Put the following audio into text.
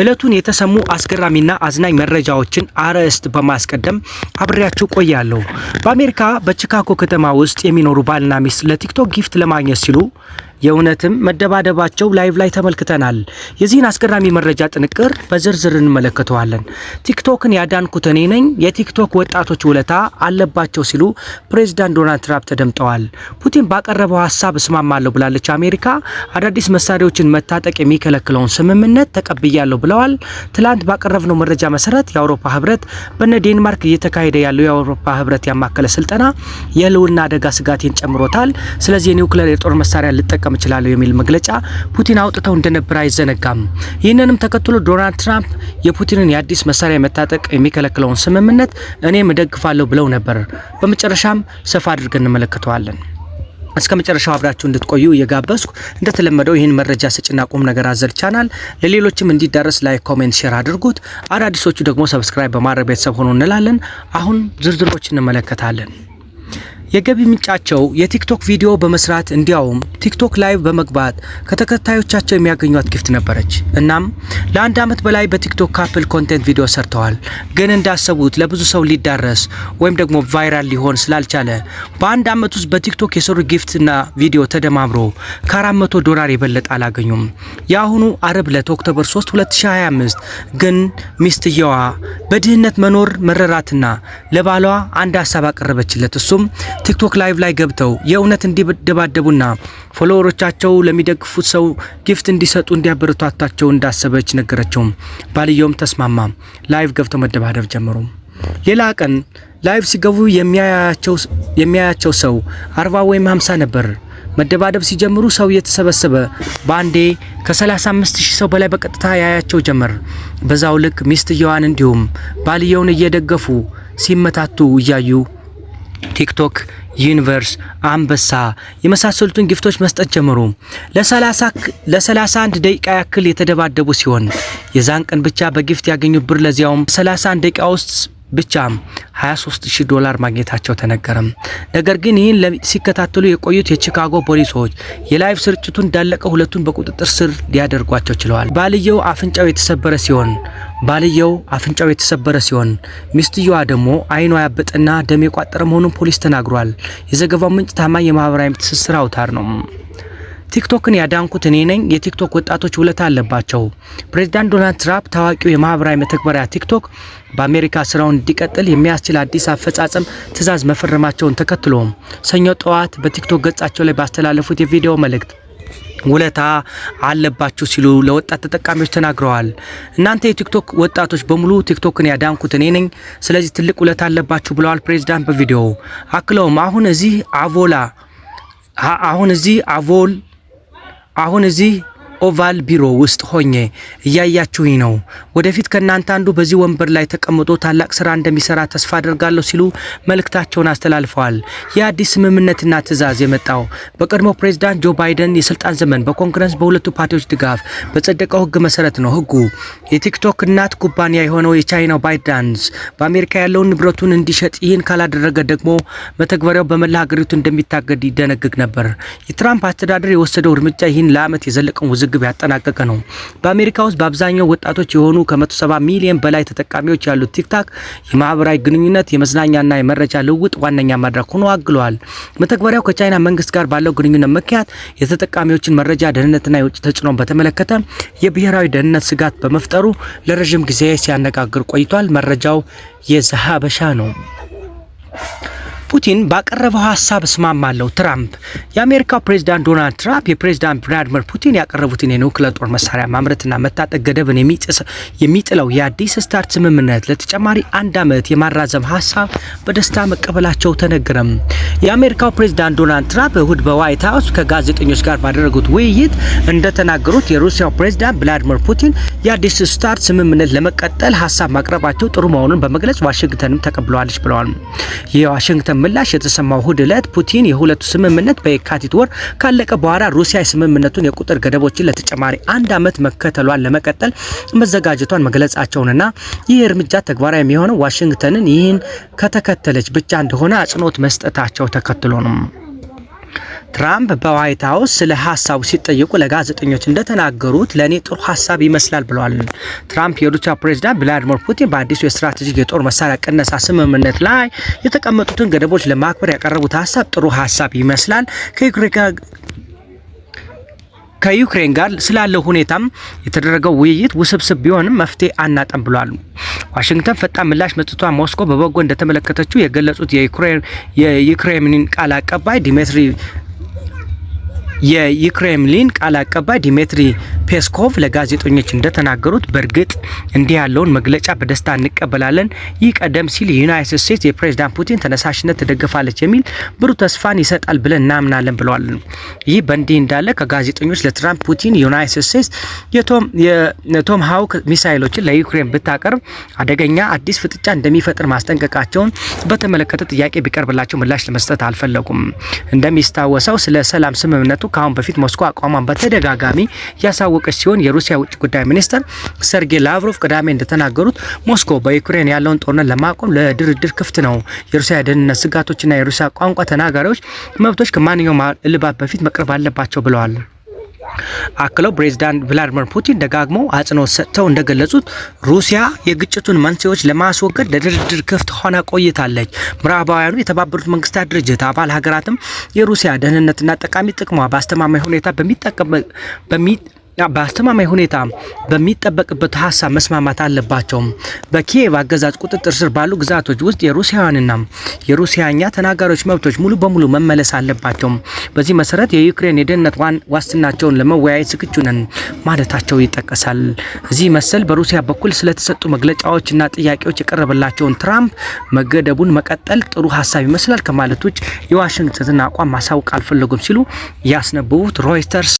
እለቱን የተሰሙ አስገራሚና አዝናኝ መረጃዎችን አርዕስት በማስቀደም አብሬያችሁ ቆያለሁ። በአሜሪካ በቺካጎ ከተማ ውስጥ የሚኖሩ ባልና ሚስት ለቲክቶክ ጊፍት ለማግኘት ሲሉ የእውነትም መደባደባቸው ላይቭ ላይ ተመልክተናል። የዚህን አስገራሚ መረጃ ጥንቅር በዝርዝር እንመለከተዋለን። ቲክቶክን ያዳንኩት እኔ ነኝ፣ የቲክቶክ ወጣቶች ውለታ አለባቸው ሲሉ ፕሬዚዳንት ዶናልድ ትራምፕ ተደምጠዋል። ፑቲን ባቀረበው ሀሳብ እስማማለሁ ብላለች አሜሪካ። አዳዲስ መሳሪያዎችን መታጠቅ የሚከለክለውን ስምምነት ተቀብያለሁ ብለዋል። ትላንት ባቀረብነው መረጃ መሰረት የአውሮፓ ህብረት በነ ዴንማርክ እየተካሄደ ያለው የአውሮፓ ህብረት ያማከለ ስልጠና የህልውና አደጋ ስጋቴን ጨምሮታል። ስለዚህ የኒውክሌር የጦር መሳሪያ ልጠቀም መጠቀም እችላለሁ የሚል መግለጫ ፑቲን አውጥተው እንደነበር አይዘነጋም። ይህንንም ተከትሎ ዶናልድ ትራምፕ የፑቲንን የአዲስ መሳሪያ መታጠቅ የሚከለክለውን ስምምነት እኔም እደግፋለሁ ብለው ነበር። በመጨረሻም ሰፋ አድርገን እንመለከተዋለን። እስከ መጨረሻው አብራችሁ እንድትቆዩ እየጋበዝኩ እንደተለመደው ይህን መረጃ ሰጭና ቁም ነገር አዘል ቻናል ለሌሎችም እንዲዳረስ ላይክ፣ ኮሜንት፣ ሼር አድርጉት። አዳዲሶቹ ደግሞ ሰብስክራይብ በማድረግ ቤተሰብ ሆኖ እንላለን። አሁን ዝርዝሮች እንመለከታለን። የገቢ ምንጫቸው የቲክቶክ ቪዲዮ በመስራት እንዲያውም ቲክቶክ ላይቭ በመግባት ከተከታዮቻቸው የሚያገኟት ጊፍት ነበረች። እናም ለአንድ ዓመት በላይ በቲክቶክ ካፕል ኮንቴንት ቪዲዮ ሰርተዋል። ግን እንዳሰቡት ለብዙ ሰው ሊዳረስ ወይም ደግሞ ቫይራል ሊሆን ስላልቻለ በአንድ ዓመት ውስጥ በቲክቶክ የሰሩ ጊፍትና ቪዲዮ ተደማምሮ ከ400 ዶላር የበለጠ አላገኙም። የአሁኑ አረብ ዕለት ኦክቶበር 3 2025 ግን ሚስትየዋ በድህነት መኖር መረራትና ለባሏ አንድ ሀሳብ አቀረበችለት እሱም ቲክቶክ ላይቭ ላይ ገብተው የእውነት እንዲደባደቡና ፎሎወሮቻቸው ለሚደግፉት ሰው ጊፍት እንዲሰጡ እንዲያበረታታቸው እንዳሰበች ነገረችው። ባልየውም ተስማማ። ላይቭ ገብተው መደባደብ ጀመሩ። ሌላ ቀን ላይቭ ሲገቡ የሚያያቸው ሰው አርባ ወይም ሀምሳ ነበር። መደባደብ ሲጀምሩ ሰው እየተሰበሰበ በአንዴ ከ35000 ሰው በላይ በቀጥታ ያያቸው ጀመር። በዛው ልክ ሚስትየዋን እንዲሁም ባልየውን እየደገፉ ሲመታቱ እያዩ ቲክቶክ፣ ዩኒቨርስ፣ አንበሳ የመሳሰሉትን ጊፍቶች መስጠት ጀመሩ። ለ31 ደቂቃ ያክል የተደባደቡ ሲሆን የዛን ቀን ብቻ በጊፍት ያገኙት ብር ለዚያውም 31 ደቂቃ ውስጥ ብቻ 23000 ዶላር ማግኘታቸው ተነገረም። ነገር ግን ይህን ሲከታተሉ የቆዩት የቺካጎ ፖሊሶች የላይቭ ስርጭቱ እንዳለቀ ሁለቱን በቁጥጥር ስር ሊያደርጓቸው ችለዋል። ባልየው አፍንጫው የተሰበረ ሲሆን ባልየው አፍንጫው የተሰበረ ሲሆን ሚስትየዋ ደግሞ አይኗ ያበጠና ደም የቋጠረ መሆኑን ፖሊስ ተናግሯል። የዘገባው ምንጭ ታማኝ የማህበራዊ ትስስር አውታር ነው። ቲክቶክን ያዳንኩት እኔ ነኝ። የቲክቶክ ወጣቶች ውለታ አለባቸው። ፕሬዚዳንት ዶናልድ ትራምፕ ታዋቂው የማህበራዊ መተግበሪያ ቲክቶክ በአሜሪካ ስራውን እንዲቀጥል የሚያስችል አዲስ አፈጻጸም ትዕዛዝ መፈረማቸውን ተከትሎም ሰኞ ጠዋት በቲክቶክ ገጻቸው ላይ ባስተላለፉት የቪዲዮ መልእክት ውለታ አለባችሁ ሲሉ ለወጣት ተጠቃሚዎች ተናግረዋል። እናንተ የቲክቶክ ወጣቶች በሙሉ ቲክቶክን ያዳንኩት እኔ ነኝ፣ ስለዚህ ትልቅ ውለታ አለባችሁ ብለዋል ፕሬዚዳንት በቪዲዮ አክለውም አሁን እዚህ አቮላ አሁን እዚህ አቮል አሁን እዚህ ኦቫል ቢሮ ውስጥ ሆኜ እያያችሁኝ ነው። ወደፊት ከእናንተ አንዱ በዚህ ወንበር ላይ ተቀምጦ ታላቅ ስራ እንደሚሰራ ተስፋ አደርጋለሁ ሲሉ መልእክታቸውን አስተላልፈዋል። የአዲስ አዲስ ስምምነትና ትዕዛዝ የመጣው በቀድሞ ፕሬዚዳንት ጆ ባይደን የስልጣን ዘመን በኮንግረስ በሁለቱ ፓርቲዎች ድጋፍ በጸደቀው ህግ መሰረት ነው። ህጉ የቲክቶክ እናት ኩባንያ የሆነው የቻይናው ባይዳንስ በአሜሪካ ያለውን ንብረቱን እንዲሸጥ፣ ይህን ካላደረገ ደግሞ መተግበሪያው በመላ ሀገሪቱ እንደሚታገድ ይደነግግ ነበር። የትራምፕ አስተዳደር የወሰደው እርምጃ ይህን ለዓመት የዘለቀውን ውዝግ ግብ ያጠናቀቀ ነው። በአሜሪካ ውስጥ በአብዛኛው ወጣቶች የሆኑ ከ170 ሚሊዮን በላይ ተጠቃሚዎች ያሉት ቲክታክ የማህበራዊ ግንኙነት የመዝናኛና የመረጃ ልውውጥ ዋነኛ መድረክ ሆኖ አግለዋል። መተግበሪያው ከቻይና መንግስት ጋር ባለው ግንኙነት ምክንያት የተጠቃሚዎችን መረጃ ደህንነትና የውጭ ተጽዕኖን በተመለከተ የብሔራዊ ደህንነት ስጋት በመፍጠሩ ለረዥም ጊዜ ሲያነጋግር ቆይቷል። መረጃው የዘሀበሻ ነው። ፑቲን ባቀረበው ሀሳብ እስማማለሁ ትራምፕ። የአሜሪካው ፕሬዚዳንት ዶናልድ ትራምፕ የፕሬዚዳንት ቭላዲሚር ፑቲን ያቀረቡትን የኒውክለር ጦር መሳሪያ ማምረትና መታጠቅ ገደብን የሚጥለው የአዲስ ስታርት ስምምነት ለተጨማሪ አንድ ዓመት የማራዘም ሀሳብ በደስታ መቀበላቸው ተነገረም። የአሜሪካው ፕሬዝዳንት ዶናልድ ትራምፕ እሁድ በዋይት ሀውስ ከጋዜጠኞች ጋር ባደረጉት ውይይት እንደተናገሩት የሩሲያው ፕሬዝዳንት ቭላዲሚር ፑቲን የአዲስ ስታርት ስምምነት ለመቀጠል ሀሳብ ማቅረባቸው ጥሩ መሆኑን በመግለጽ ዋሽንግተንም ተቀብለዋለች ብለዋል። የዋሽንግተን ምላሽ የተሰማው እሁድ ዕለት ፑቲን የሁለቱ ስምምነት በየካቲት ወር ካለቀ በኋላ ሩሲያ የስምምነቱን የቁጥር ገደቦችን ለተጨማሪ አንድ ዓመት መከተሏን ለመቀጠል መዘጋጀቷን መግለጻቸውንና ይህ እርምጃ ተግባራዊ የሚሆነው ዋሽንግተንን ይህን ከተከተለች ብቻ እንደሆነ አጽንኦት መስጠታቸው ተከትሎ ነው። ትራምፕ በዋይት ሀውስ ስለ ሀሳቡ ሲጠየቁ ለጋዜጠኞች እንደተናገሩት ለእኔ ጥሩ ሀሳብ ይመስላል ብለዋል። ትራምፕ የሩሲያ ፕሬዚዳንት ቭላዲሚር ፑቲን በአዲሱ የስትራቴጂክ የጦር መሳሪያ ቅነሳ ስምምነት ላይ የተቀመጡትን ገደቦች ለማክበር ያቀረቡት ሀሳብ ጥሩ ሀሳብ ይመስላል ከዩክሬን ጋር ስላለው ሁኔታም የተደረገው ውይይት ውስብስብ ቢሆንም መፍትሄ አናጠም ብሏል። ዋሽንግተን ፈጣን ምላሽ መጽቷ ሞስኮ በበጎ እንደተመለከተችው የገለጹት የዩክሬምሊን ቃል አቀባይ ዲሜትሪ የዩክሬምሊን ቃል አቀባይ ዲሜትሪ ፔስኮቭ ለጋዜጠኞች እንደተናገሩት በእርግጥ እንዲህ ያለውን መግለጫ በደስታ እንቀበላለን። ይህ ቀደም ሲል የዩናይትድ ስቴትስ የፕሬዚዳንት ፑቲን ተነሳሽነት ትደግፋለች የሚል ብሩህ ተስፋን ይሰጣል ብለን እናምናለን ብለዋል። ይህ በእንዲህ እንዳለ ከጋዜጠኞች ለትራምፕ ፑቲን ዩናይትድ ስቴትስ የቶም ሀውክ ሚሳይሎችን ለዩክሬን ብታቀርብ አደገኛ አዲስ ፍጥጫ እንደሚፈጥር ማስጠንቀቃቸውን በተመለከተ ጥያቄ ቢቀርብላቸው ምላሽ ለመስጠት አልፈለጉም። እንደሚስታወሰው ስለ ሰላም ስምምነቱ ከአሁን በፊት ሞስኮ አቋሟን በተደጋጋሚ ያሳወቀች ሲሆን የሩሲያ ውጭ ጉዳይ ሚኒስትር ሰርጌይ ላቭሮቭ ቅዳሜ እንደተናገሩት ሞስኮ በዩክሬን ያለውን ጦርነት ለማቆም ለድርድር ክፍት ነው። የሩሲያ የደህንነት ስጋቶችና የሩሲያ ቋንቋ ተናጋሪዎች መብቶች ከማንኛውም እልባት በፊት ፊት መቅረብ አለባቸው ብለዋል። አክለው ፕሬዚዳንት ቭላድሚር ፑቲን ደጋግሞ አጽንኦት ሰጥተው እንደገለጹት ሩሲያ የግጭቱን መንስኤዎች ለማስወገድ ለድርድር ክፍት ሆና ቆይታለች። ምዕራባውያኑ የተባበሩት መንግስታት ድርጅት አባል ሀገራትም የሩሲያ ደህንነትና ጠቃሚ ጥቅሟ በአስተማማኝ ሁኔታ በሚጠቀም በአስተማማኝ ሁኔታ በሚጠበቅበት ሀሳብ መስማማት አለባቸውም። በኪየቭ አገዛዝ ቁጥጥር ስር ባሉ ግዛቶች ውስጥ የሩሲያውያንና የሩሲያኛ ተናጋሪዎች መብቶች ሙሉ በሙሉ መመለስ አለባቸውም። በዚህ መሰረት የዩክሬን የደህንነት ዋስትናቸውን ለመወያየት ዝግጁ ነን ማለታቸው ይጠቀሳል። እዚህ መሰል በሩሲያ በኩል ስለተሰጡ መግለጫዎችና ጥያቄዎች የቀረበላቸውን ትራምፕ መገደቡን መቀጠል ጥሩ ሀሳብ ይመስላል ከማለት ውጭ የዋሽንግተንን አቋም ማሳወቅ አልፈለጉም ሲሉ ያስነበቡት ሮይተርስ